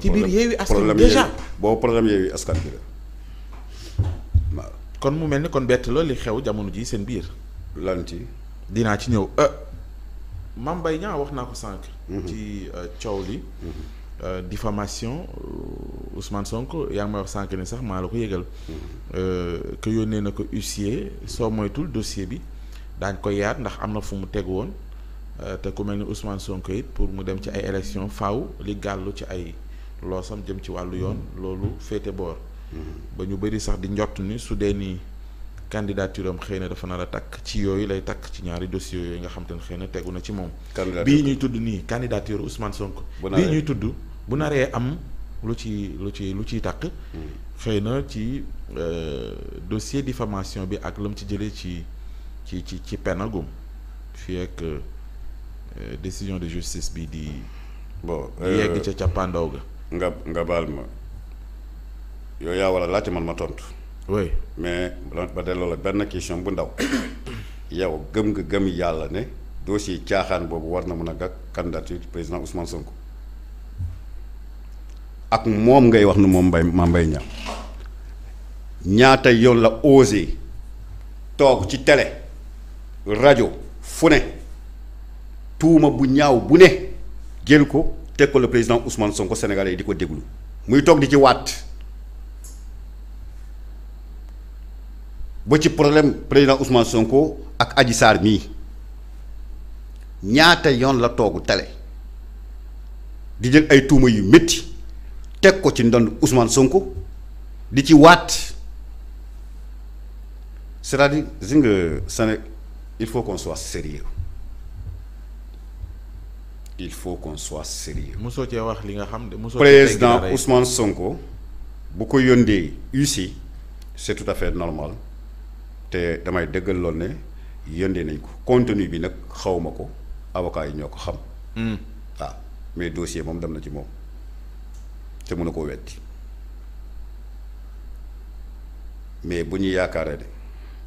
ci biir yeewi askan déjà boobu problème yeewi askan bi la waaw. kon mu mel ni kon bett la li xew jamono ji seen biir. lan ci. dinaa ci ñëw mambay euh, Mame wax naa ko sànq. Mhm. ci euh, coow li. Mhm. Euh, diffamation Ousmane Sonko yaa ngi may wax sànq ni sax maa la ko yëgal. Mhm. que yónnee na ko huissier soo moytul dossier bi daañ ko yaat ndax am na fu mu teg woon te ku mel ni Ousmane sonk it pour mu dem ci ay élections faw li gàllu ci ay. loosam jëm ci wàllu yoon mm-hmm. loolu féete boor mm-hmm. ba ñu bëri sax di njott ni su dee nii candidature xëy na dafa nar a takk ci yooyu lay takk ci ñaari dossiers yooyu nga xam te xëy na tegu na ci moom bii ñuy tudd nii candidature Ousmane Sonko bii ñuy tudd bu naree am lu ci lu ci lu ciy takk mm-hmm. xëy na ci euh, dossier diffamation bi ak lam ci jëlee ci ci ci ci penagum fii ak euh, décision de justice bi di bon yegg euh, ca cappaandaw ga nga nga baal ma yow yaa war a man ma tontu. oui mais ba delloo la benn question bu ndaw yow gëm nga gëm yàlla ne dossier caaxaan boobu war na mën a gàkk candidature président Ousmane ko ak moom ngay wax nu moom mbay ma mbay ña ñaata yoon la osé toog ci télé rajo fune tuuma bu ñaaw bu ne jël ko teg ko le président Ousmane Sonko Sénégalais yi di ko déglu muy toog di ci waat ba ci problème président Ousmane Sonko ak aji saar mii ñaata yoon la toogu tale di jël ay tuuma yu metti teg ko ci ndond Ousmane Sonko di ci waat c'est-à-dire nga il faut que soit sérieux il faut qu'on soit sérieux mosoo cee wax li nga xam de mosoo président Ousmane Sonko bu ko yóndee UC c'est tout fait normal te damay dëggal loolu ne yóndee nañ ko contenu bi nag xawma ko avocat yi ñoo ko xam waaw hmm. ah, mais dossier moom dem na ci moom te mën na koo wetti mais bu ñu yaakaaree ne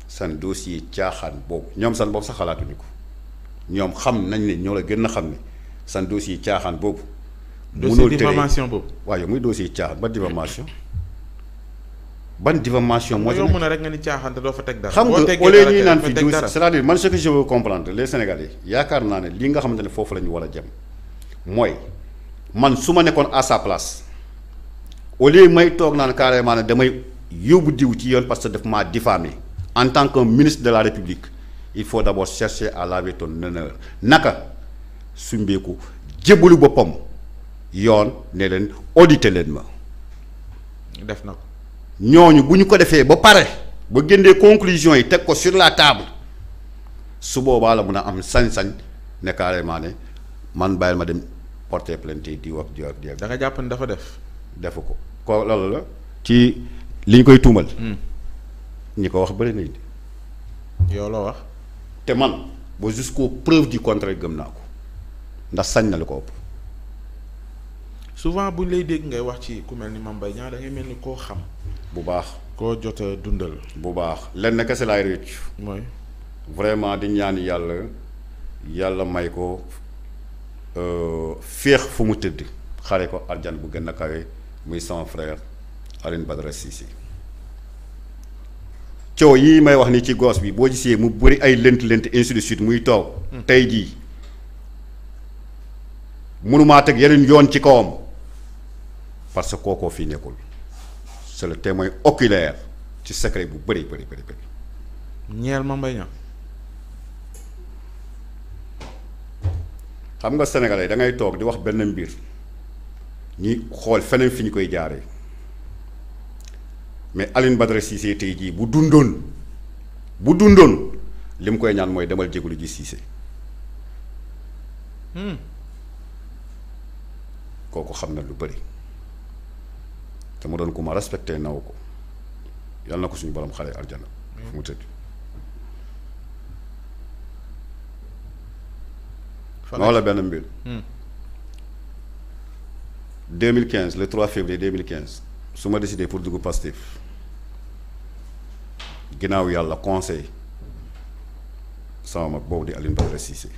seen dossier caaxaan boobu ñoom seen bopp sax xalaatuñu ko ñoom xam nañ ne ñoo la gën a xam ne san dossier caaxaan boobu. munoo dossier diffamation boobu. waaw yow muy dossier caaxaan ban diffamation ban diffamation. moo ci mën a rek nga ni caaxaan te doo fa teg dara. xam nga au lieu ñuy naan fi dossier cest à man ce que je veux comprendre les Sénégalais yaakaar naa ne li nga xamante ne foofu la ñu war a jëm mooy man su ma nekkoon à sa place au may toog naan carrément ne damay yóbbu diw ci yoon parce que daf maa diffamé en tant que ministre de la République il faut d'abord chercher à laver ton honneur naka. sumbeeku jébbalu boppam yoon ne leen audité leen ma. def na ko ñooñu bu ñu ko defee ba pare ba génnee conclusion yi teg ko sur la table su boobaa la mun a am sañ-sañ ne carrément ne man bàyyil ma dem porter plainte di wax di wax di wax. da nga jàpp ne dafa def. defu ko ko loolu la ci li ñu koy tuumal. Hmm. ñi ko wax bëri nañ. yow la wax. te ndax sañ na lu ko ëpp. souvent bu ñu lay dégg ngay wax ci ku mel ni Mame Mbaye Niang da ngay mel ni koo xam. bu baax koo jot a dundal. bu baax lenn kese laay rëcc. mooy vraiment di ñaan yàlla yàlla may ko euh, féex fu mu tëdd xare ko arjan bu gën a kawe muy sama frère Alioune Badara Cissé coow yii may wax ni ci gos bi boo gisee mu bëri ay lënt lent ainsi suite muy taw. Mm. tey jii. mënumaa teg yeneen yoon ci kawam parce que kookoo fii nekkul c'est le témoin oculaire ci secret bu bëri bëri bëri bëri. ma mbay xam nga sénégalais da ngay toog di wax benn mbir ñuy xool feneen fi ñu koy jaaree mais Alioune Badara Cissé tey jii bu dundoon bu dundoon li mu koy ñaan mooy demal jégalu ji Cissé. Hmm. kooku xam na lu bëri te ma doon ko ma respecté naw ko yàlla na ko suñu borom xale aljana fu mu tëdd ma la benn mbir 2015 hmm. le 3 février 2015 su ma décidé pour dugg Pastef ginnaaw yàlla conseil sama mag boobu di Alioune Badara Cissé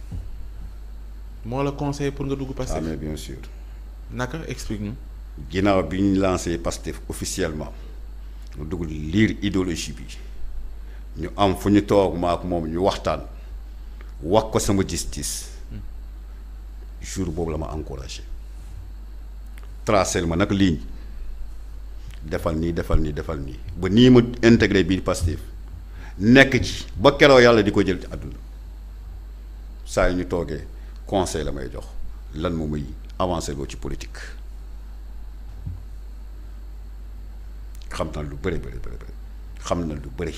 moo la conseil pour nga dugg Pastef ah bien sûr naka explique ginnaaw bi ñu lancé Pastef officiellement mu dugg liir idéologie bi ñu am fu ñu toog ma ak moom ñu waxtaan wax ko sama gis-gis jour boobu la ma encouragé tracel ma nag ligne defal nii defal nii defal nii ba nii ma intégré biir Pastef nekk ci ba keroo yàlla di ko jël ci àdduna saa yu ñu toogee conseil la may jox. lan moom mooy avancé loo ci politique xam na lu bëri bëri bëri bëri xam na lu bëri.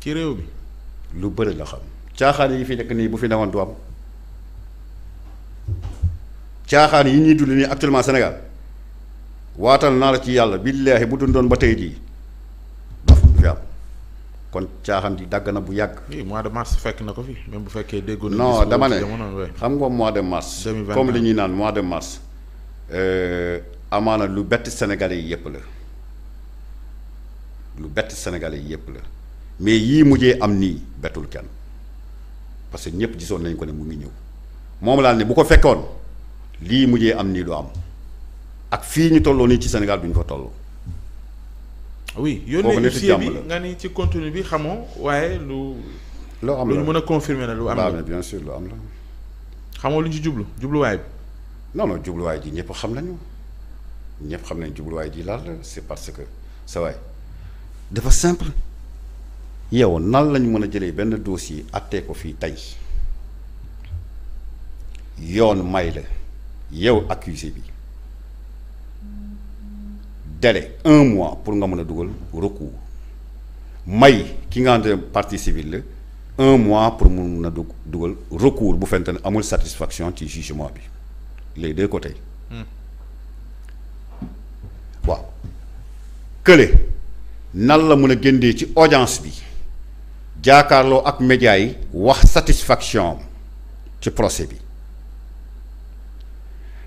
ci réew bi lu bëri la xam caaxaan yi fi nekk nii bu fi newoon du am caaxaan yi ñuy dund nii actuellement Sénégal waatal naa la ci yàlla billaahi bu dundoon ba tey jii. kon caaxaan di dagg na bu yàgg. oui mois de mars fekk na ko fi même bu fekkee déggoon. non dama ne xam nga mois de mars. comme li ñuy naan mois de mars. Euh, amaana lu bett sénégalais yi yëpp la lu bett sénégalais yi yëpp la mais yii mujjee am nii bettul kenn parce que ñëpp gisoon nañ ko ne mu ngi ñëw moom laal ne bu ko fekkoon lii mujjee am nii lu am ak fii ñu tolloo nii ci Sénégal duñ ko toll. oui yónnee huissier bi nga ni ci contenu bi xamoo waaye lu. loo am la lu mën a confirmer la lu am la bien sûr lu am la. xamoo lu ñu jublu jubluwaay bi. non jubluwaay ji ñëpp xam nañu ñëpp xam nañ jubluwaay ji laal la c'est parce que sa waay dafa simple. yow nan lañu mën a jëlee benn dossier attee ko fii tey yoon may la yow accusé bi. délai un mois pour nga mën a dugal recours may ki nga parti ne la un mois pour mu mun a dug dugal recours bu fente ne amul satisfaction ci jugement bi les deux côtés hmm. waaw kële nan la mën a génnee ci audience bi jaakaarloo ak média yi wax satisfaction ci procès bi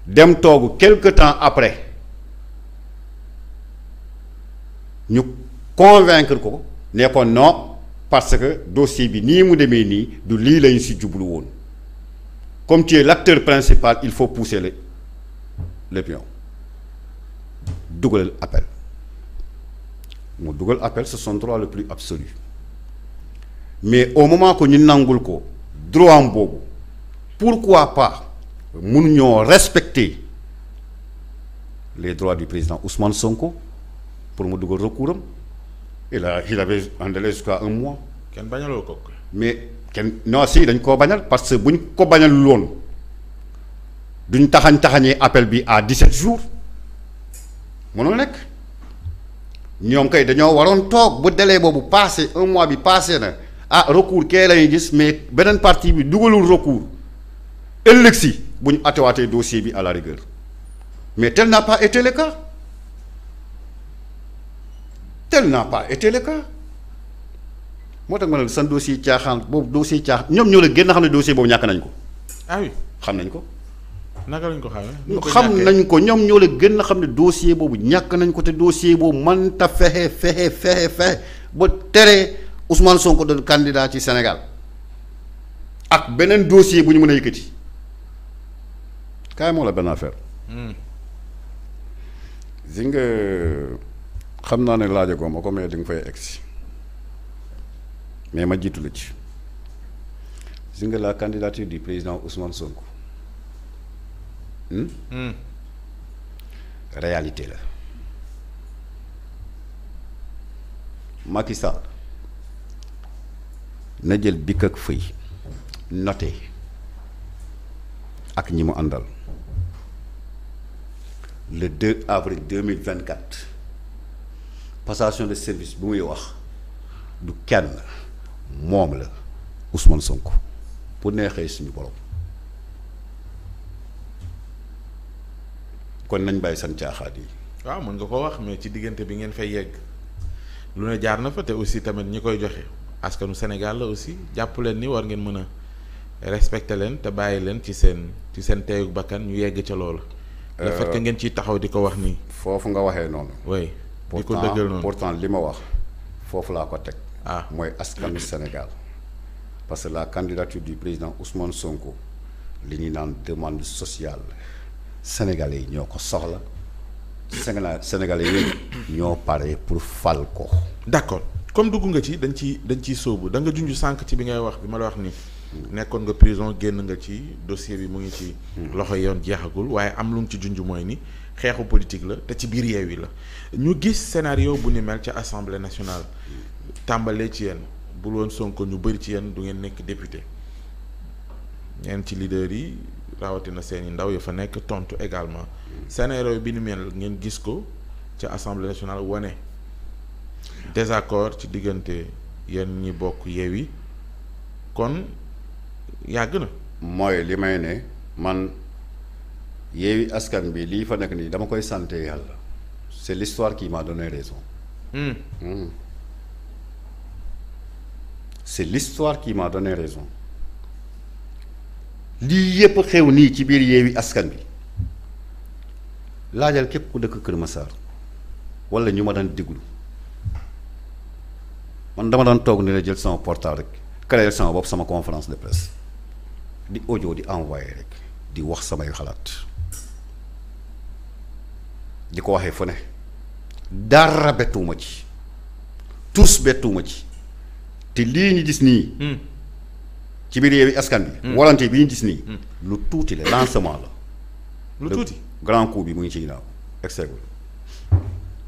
dem toogu quelque temps après ñu convaincre ko ne ko non parce que dossier bi nii mu demee nii du lii lañu si jublu woon comme ti es l'acteur principal il faut pousser le le pion dugalal appel mu dugal appel c'est son droit le plus absolu mais au moment ko ñu nangul ko droit am boobu pourquoi pas mënuñoo respecter les droits du président Ousmane Sonko pour mu dugal recours am il a il avait un délai jusqu'à un mois. kenn bañaloo ko. mais kenn non si dañ koo bañal parce que buñ ko bañalul woon duñ taxañ taxañee appel bi à 17 jour mënul nekk ñoom kay dañoo waroon toog bu délai boobu passé un mois bi passé na ah recours kee lañuy gis mais beneen partie bi dugalul recours ëllëg si bu ñu atewaatee bi à la rigueur mais tel n'a pas été le tel n'a pas été le cas moo tax ma ne san dossier caaxaan boobu dossier caaxaan ñoom ñoo la gën a xam ne dossier boobu ñàkk nañ ko. Ah xam nañ ko. naka lañ ko xamee. xam nañ ko ñoom ñoo la gën a xam ne dossier boobu ñàkk nañ ko te dossier boobu mënta fexe fexe fexe fexe ba tere Ousmane Sonko doon candidat ci senegal ak beneen dossier bu ñu mën a yëkkati kaay moo la benn affaire. Hmm. nga. xam naa ne laajagoo ma ko mais di nga fay egsi mais ma jiitu la ci gis nga la candidature di président Ousmane Sonko hmm? hmm. réalité la Macky na jël bikk ak fëy noté ak ñi mu àndal le 2 avril 2024 passation de service bi muy wax du kenn moom la Ousmane Sonko bu neexee suñu borom kon nañ bàyyi seen caaxaat yi. waaw mën nga ko wax mais ci diggante bi ngeen fay yegg lu ne jaar na fa te aussi tamit ñi koy joxe askanu Sénégal la aussi jàpp leen ni war ngeen mën a respecter leen te bàyyi leen ci seen ci seen teyu bakkan ñu yegg ca loolu. le fait que euh, ngeen ciy taxaw di ko wax nii. foofu nga waxee noonu. pourtant pourtant li ma wax foofu laa ko teg. ah mooy askanu Sénégal. parce que la candidature du président Ousmane Sonko li ñuy naan demande sociale sénégalais yi ñoo ko soxla. sénégalais yi ñoo pare pour fal ko. d'accord comme dugg nga ci dañ ci dañ ciy soobu da nga junj sànq ci bi ngay wax bi ma la wax nii nekkoon nga prison génn nga ci dossier bi mu ngi ci. Hmm. loxo yoon jeexagul waaye am lu mu ci junj mooy nii xeexu politique la te ci biir yi la ñu gis scénario bu ni mel ca assemblée nationale tàmbalee ci yéen bul woon Sonko ñu bëri ci yenn du ngeen nekk député ñeen ci leader yi rawatina seeni ndaw ya fa nekk tontu également scénario bi ni mel ngeen gis ko ca assemblée nationale wane désaccord ci diggante yéen ñi bokk yi kon yàgg na. mooy li may ne man. Yewwi Askan Wi lii fa nekk nii dama koy sant yàlla c'est l'histoire qui m'a donné raison mm. Mm. c'est l'histoire qui m'a donné raison lii yépp xew nii ci biir Yewwi Askan Wi laajal képp ku dëkk Kër Massar wala ñu ma daan déglu man dama daan toog ni la jël sama portable rek créer sama bopp sama conférence de presse di audio di envoyé rek di wax samay xalaat di ko waxee fu ne dara bettuwuma ci tous bettuwuma ci te lii ñu gis nii. Hmm. ci biir Yewwi Askan Wi. Hmm. volonté bi ñu gis nii. Hmm. lu tuuti la lancement la. lu tuuti grand coup bi mu ngi ci ginnaaw. excès